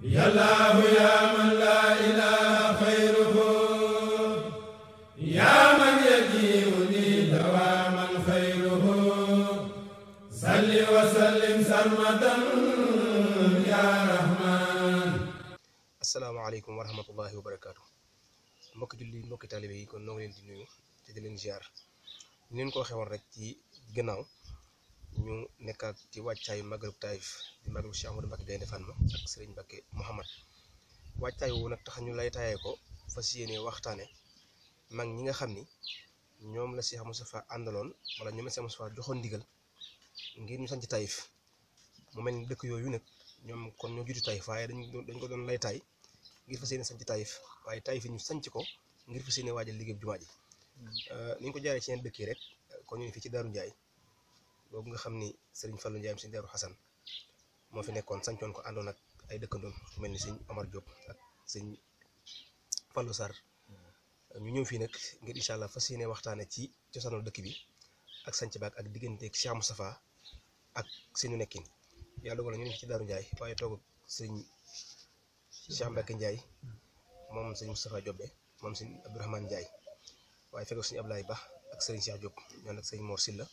yàllaahu yaa man laa ilaaha xayruhu yaa man yajiibu lii dawaaman xayruhu salli wa sallim yaa rahmaan asalaamaaleykum wa rahmatullahi wa mbokki julli mbokki taalibe yi kon noo ngi leen di nuyu te di leen ziar ñu ko waxee woon rek ci gannaaw ñu nekkaat ci wàccaayu Magal Taïf di Magal Cheikh Amadou Mbacké Gaïndé Fatma ak Serigne Mbacké Mouhamad wàccaay woowu nag tax ñu lay taayee ko fas yéene waxtaane mag ñi nga xam ni ñoom la Cheikh Moustapha àndaloon wala ñoom la Cheikh Moustapha joxoon ndigal ngir ñu sanc Taïf mu mel ni dëkk yooyu nag ñoom kon ñoo jiitu Taïf waaye dañ dañ ko doon lay taay ngir fas yéene sanc Taïf waaye Taïf yi ñu sanc ko ngir fas yéene waajal liggéey jumaa ji mm. euh, ni ñu ko jaaree ci dëkk yi rek kon ñu fii ci Daaru Njaay boobu nga xam ni sëriñ Fallou Ndiaye sëriñ Daaru Xasan moo fi nekkoon sancoon ko àndoon ak ay dëkkandoom mel ni sëñ Omar Diop ak sëñ Fallou Sarr ñu ñëw fii nag ngir incha allah fas yéene waxtaane ci cosaanu dëkk bi ak sanc baak ak digganteeg Cheikh Moustapha ak seenu nekkin yàlla dogal ñu ne ci Daaru Ndiaye waaye toog ak sëñ Cheikh Mbacke Ndiaye moom sëñ Moustapha Diop moom sëñ Abdourahmane Ndiaye waaye fekk sëñ Ablaye Ba ak sëriñ Cheikh Diop ñoo nag sëñ Mor Silla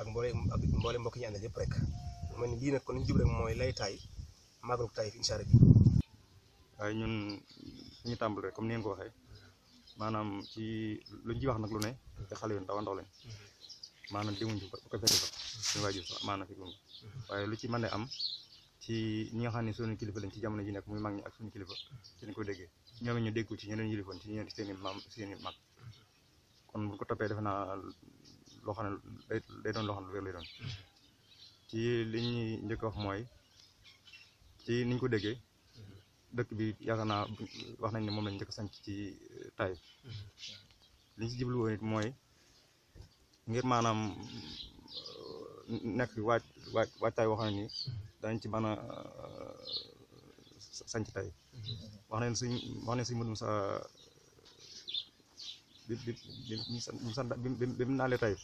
ak mboolem ak mboolem mbokk yi ñu àndal yëpp rek ma ne lii nag kon jub rek mooy lay taay màggalu taay fi incha allah. waaye ñun ñu tàmbali rek comme ni ngeen ko waxee maanaam ci lu ñu wax nag lu ne te xale yu ndaw a ndaw lañ maanaam demuñu ba ko fekk ba suñu waajur sax maanaam fi waaye lu ci mën a am ci ñi nga xam ne suñu kilifa lañ ci jamono ji nekk muy mag ñi ak suñu kilifa ci lañ ko déggee ñoom ñu déggu ci ñeneen yilifoon ci ñeneen seen i maam seen i mag kon bu ko toppee defe loo xam ne doon loo xam ne wér lay doon ci li ñuy njëkk wax mooy ci niñ ko déggee dëkk bi yaakaar naa wax nañ ne moom lañ njëkk sanc ci euh, tay li ñu si jiblu mooy ngir maanaam euh, nekk waaj waaj waajtaay wax na ni dañ ci mën a euh, sanc tay wax nañ suñ wax nañ bi bi bi mu sant bi mu naale tey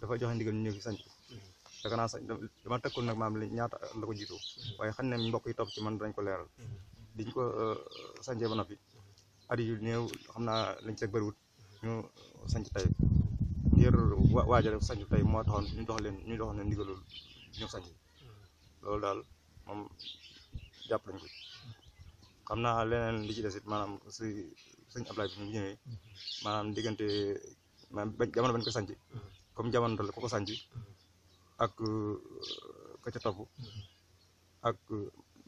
dafa joxe ndigal ñu ñëw fi sanc daka naa sax dama tëkkul nag maam li ñaata la ko jiitu waaye xam ne mbokk yi topp man dañ ko leeral diñ ko euh, sancee ba noppi at yu néew xam naa lañ ci bëriwut ñu sanc tey ngir waajale sanc tey moo taxoon ñu dox leen ñu dox leen ndigalul ñu sanc loolu daal moom jàpp lañ ko xam naa leneen li ci des it sëñ Ablaye bi mu ñëwee maanaam diggante maanaam jamono bañ ko sànci comme jamono dal ko ko sànci ak ka ca topp ak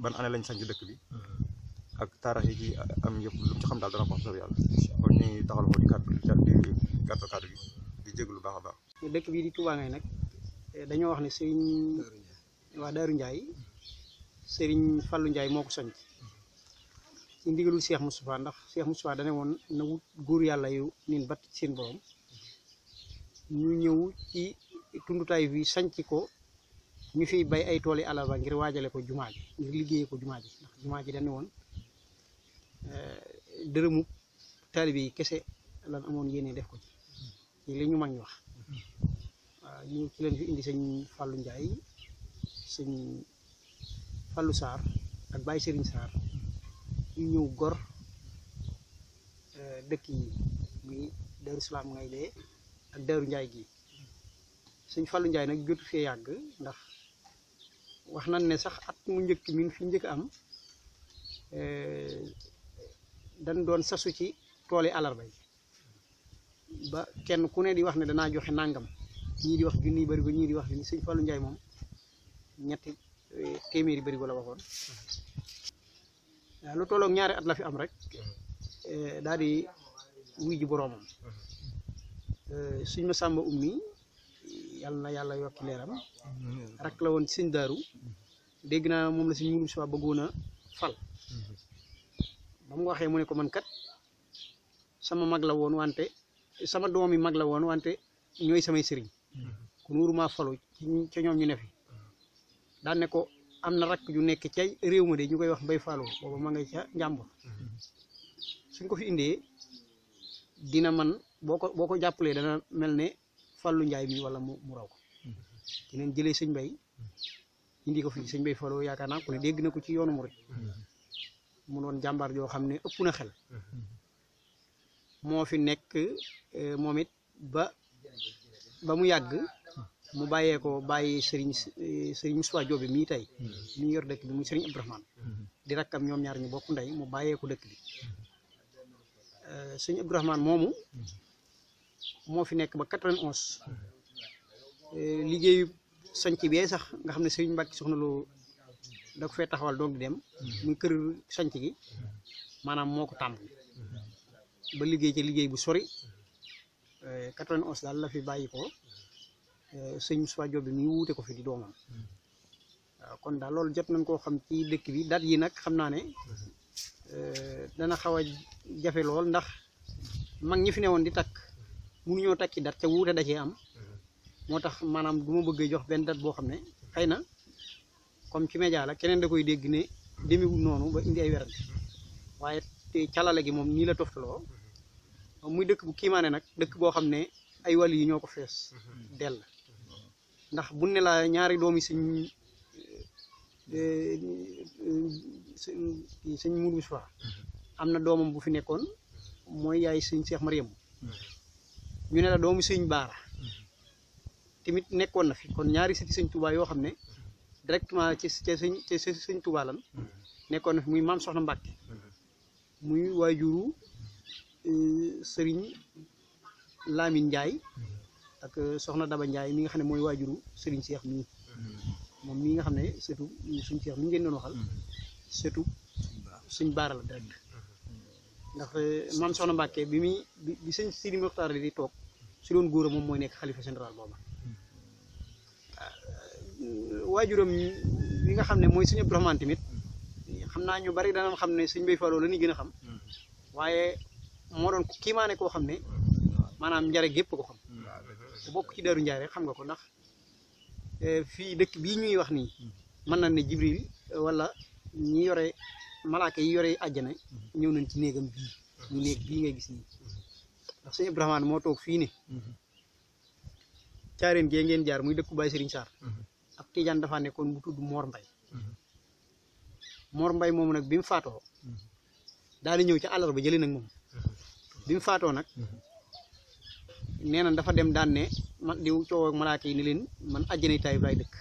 ban année lañ sanji dëkk bi ak taarix yi am yëpp lu ci xam daal dana ko xam soob kon ñu taxal ko di kàddu di kàddu kàddu gi di jéglu baax a baax dëkk bii di Touba Ngaye nag dañoo wax ne sëriñ waa Fallu ci ndigalul Cheikh Moustapha ndax Cheikh Moustapha dane woon na wut góor yàlla yu nin bat seen borom ñu ñëw ci tundutaay bi sanc ko ñu fiy bay ay tooli alaba ngir waajale ko jumaa ji ngir liggéeyee ko jumaa ji ndax jumaa ji woon eh, dërëmu taalibe yi kese lan amoon yéene def ko ci li ñu mag ñu wax waaw ñu ci leen fi indi sëñ Fallou njaay sëñ Fallou Sarr ak bay Serigne saar ñu ñëw gor eh, dëkk yi muy Daaru Salaam ngay lee ak Daaru Njaay gi sëñ falu njaay nag jotu fee yàgg ndax wax nañ ne sax at mu njëkk mi fi njëkk am eh, dañ doon sasu ci tooli alarba ba kenn ku ne di wax ne danaa joxe nangam ñii di wax junniy bëri ñii di wax junni sëñ Fallou Ndiaye moom ñetti eh, téeméeri bëri ko la waxoon lu tolloog ñaari at la fi am rek eh, daal di wuy ji boroomam eh, suñ ma sàmba ummi yàlla na yàlla yokki leeram rak la woon sëñ daaru dégg naa moom la suñ murum si bëggoon a fal ba mu waxee mu ne ko man kat sama mag la woon wante sama doomi mag la woon wante ñooy samay sëriñ kon wóorumaa falu ci ñoom ñu ne fi daan am rak ju nek ci réew ma de ñukay wax mbay fallo bobu ma ngay ci jambo suñ ko fi indee dina man boko boko jappalé dana mel fallu nday mi wala mu mu raw ko dinañ jëlé sëñ bay indi ko fi sëñ bay fallo yaakaar naa ku ne dégg na ko ci yoonu mu mu non jambar jo xam ëpp na xel mo fi nek eh, momit ba ba mu yagg mu baye ko baye Serigne eh, Serigne Moussa Diop mi tay hmm. mi yor dekk bi muy Serigne Ibrahima hmm. di rakam ñom ñaar ñu bokku nday mu baye ko dekk bi euh serigne Abdourahman momu hmm. mo fi nekk ba 91 euh liggéeyu sanc bi sax nga xam serigne mbacke soxna lu da ko fee taxawal doog dem muy kër sanc gi manam moko tam ba liggéey ci liggéey bu sori euh 91 dal la fi bayiko Eh, sëñ Moussa Diop bi mi wuute ko fi di doomam kon da lol jot nañ ko xam ci dëkk bi dat yi nak xamna né euh dana xawa jafé jafe ndax mag ñi fi néwon di tak mu ñu takki dat te wuute da ci am motax manam duma bëgg jox ben dat bo xamné xeyna comme ci média la keneen da koy dégg demi wu nonu ba indi ay werante waye te calale gi mom ni la toftalo muy dëkk bu kiimaane nak dëkk bo xamné ay wal yi ñoo ko del ndax bu ne la ñaari doomi sëñ eh, sëñ Mourou Moussa mhm. am na doomam bu fi nekkoon mooy yaay sëñ Cheikh Mariam mhm. ñu ne la doomu sëñ Baara mhm. tamit nekkoon na fi kon ñaari sëti sëñ Touba yoo xam ne directement ci ca sëñ ca lan nekkoon na fi muy maam Soxna Mbacke muy waajuru eh, sëriñ Lamine Ndiaye ak soxna Daba ndjay mi nga xamne moy wajuru Serigne Cheikh mi mom mhm. mi nga xamne setu surtout suñ Cheikh mi ngeen doon waxal mhm. setu suñ baara la direct mhm. ndax eh, man soxna Mbàkke bi mi bi sëñ Sidi mokhtar li tok su doon goor mom moy nek khalifa xalifa boba ah, wajuram mi nga xamne moy suñu brahman timit xamna ñu bari dana na xamne suñ bey fallo la ni gëna xam waye mo doon ma ne ko xamne manam njare gep ko xam bopp ci daru rek xam nga ko ndax eh, fi dekk bi ñuy wax ni hmm. man na ne jibril eh, wala ñi yoré malaaka yi yoré aljana hmm. ñew nañ ci neegam bi hmm. ñu neeg bi ngay gis ni ndax sey Ibrahima mo tok fi ne caareen ge ngeen jaar muy dëkku bay Serigne sar ak tidiane dafa nekkon mu tuddu Mor Mbay Mor Mbay mom nak bimu faato faatoo daal di ñëw ca jeli nak mom bimu faato nak nee na dafa dem daan ne man diw coow ak malaaka yi ni leen man àjjana Taayif laay dëkk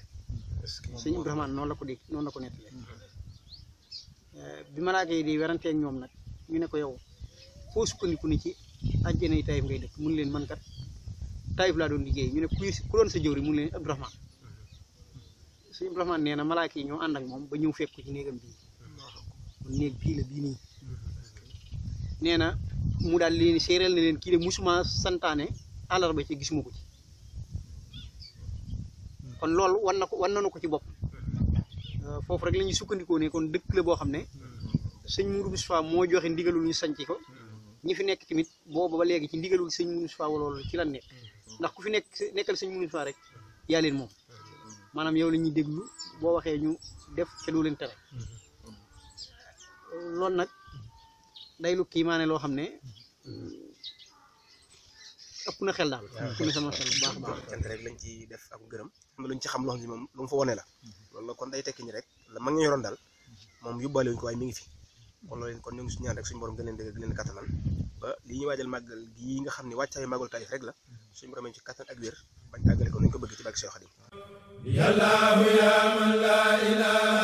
sëñ Abdourahmane noonu la ko dégg noonu la ko nettalee eh, bi malaaka yi di weranteeg ñoom nag ñu ne ko yow foo sukkandiku ni ci yi Taayif ngay dëkk mun leen man kat laa doon liggéey ñu ne ku ku doon sa jëwri mun leen Abdourahmane na malaaka ñoo ànd ak moom ba ñëw fekk ko ci néegam bii mun néeg la bii nii mm-hmm. nee na mu daal leen séeréel ne kii de musuma santaane àllarba ci gisuma ko ci kon loolu wan na ko wan nañu ko ci bopp euh, foofu rek la ñuy sukkandikoo ne kon dëkk la boo xam ne sëñ Mourou Moustapha moo joxe ndigalul ñu sanc ko ñi fi nekk tamit booba ba léegi ci ndigalul sëñ Mourou Moustapha loolu ci la nekk ndax ku fi nekk nekkal sëñ Mourou Moustapha rek yaa leen moom maanaam yow la ñuy déglu boo waxee ñu def ca tere loolu nag day lu kii maa loo xam ne ëpp na xel daal ah, ëpp na sama xel bu baax rek lañ ci def ak gërëm am na ci xam loo moom lu mu fa wone la mm-hmm. loolu la kon day tekki ñi rek la mag ñu yoroon daal mm-hmm. moom yóbbaale wuñ ko waaye mi ngi fi kon loolu leen kon ñu ngi suñu ñaan rek suñu borom gën leen dëgg gën leen kattanal ba lii ñu waajal màggal gii nga xam ne wàccaayu màggal Taif rek la mm-hmm. suñu borom ci kattan ak wér bañ àggale ko nañ ko bëgg ci bàgg Seex Xaadim